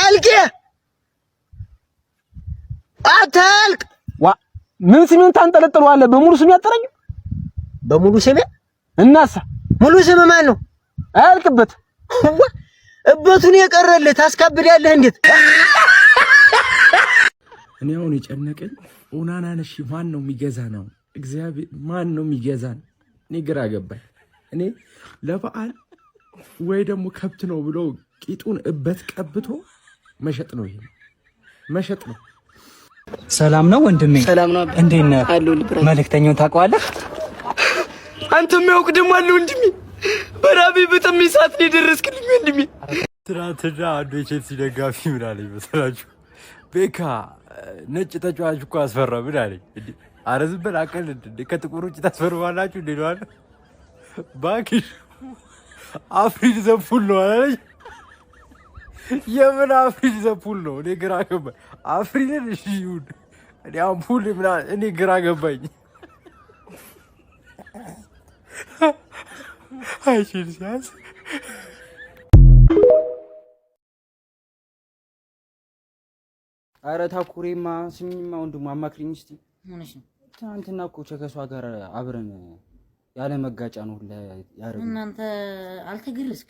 አልቄ አታልቅ። ዋ ምን ስሜን ታንጠለጥለዋለህ? በሙሉ ስሜ አጠረኝ። በሙሉ ስሜ እናሳ ሙሉ ስም ማን ነው? አያልቅበት እበቱን የቀረልህ ታስካብዳለህ። እንዴት እኔ አሁን የጨነቀኝ ኡናና ነሽ። ማን ነው የሚገዛ ነው? እግዚአብሔር ማን ነው የሚገዛን? እኔ ግራ ገባኝ። እኔ ለበዓል ወይ ደግሞ ከብት ነው ብሎ ቂጡን እበት ቀብቶ መሸጥ ነው። ይሄ መሸጥ ነው። ሰላም ነው ወንድሜ፣ ሰላም ነው። እንዴት ነህ? መልእክተኛውን ታውቀዋለህ? አንተ የሚያውቅ ደግሞ አለ ወንድሜ። በራቤ በጣም ሰዓት ነው የደረስክልኝ ወንድሜ። ትናንትና አንዱ የቼልሲ ደጋፊ ምን አለኝ መሰላችሁ? ቤካ ነጭ ተጫዋች እኮ አስፈራ ምን አለኝ። ኧረ ዝም በል አቀል ከጥቁር ውጭ ታስፈርማላችሁ እንዴ? ነዋለ ባኪሽ አፍሪን ዘፉል ነው አላለኝ የምን አፍሪል ዘፑል ነው? እኔ ግራ ገባኝ። አፍሪልን እሺ ይሁን፣ እኔ አምፑል ምናምን እኔ ግራ ገባኝ። አይችል ሲያዝ አረ ታኩሬማ ስሚኝማ፣ ወንድሙ አማክሪኝ እስኪ። ትናንትና እኮ ከሷ ጋር አብረን ያለ መጋጫ ነው ሁላ ያደረግን። እናንተ አልተገረዝክ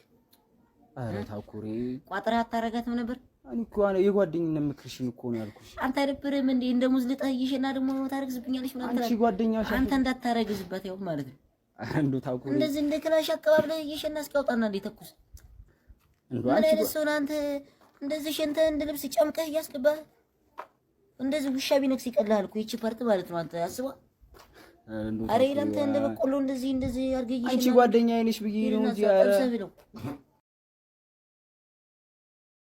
ኧረ ታኩሪ ቋጥራ አታረጋትም ነበር። እኔ እኮ የጓደኝነት ምክርሽን እኮ ነው ያልኩሽ። አንተ አይደብርህም እንዴ? እንደ ሙዝ ልጠይሽ እና ደግሞ ታረግዝብኛለሽ ምናምን ጓደኛሽ አንተ እንዳታረግዝበት ያው ማለት ነው። አንዱ ታኩሪ እንደዚህ እንደ ክላሽ አቀባብ ልጠይሽ እና እስኪያውጣና እንደ ተኩስ አንተ እንደዚህ ሽንተ እንደ ልብስ ጨምቀህ እያስገባህ እንደዚህ ውሻ ቢነክስ ይቀልሃል እኮ ይቺ ፓርት ማለት ነው። አንተ አስባ አሬ ለምተ እንደ በቆሎ እንደዚህ እንደዚህ አርገይሽ አንቺ ጓደኛዬ ነሽ ብዬሽ ነው እንጂ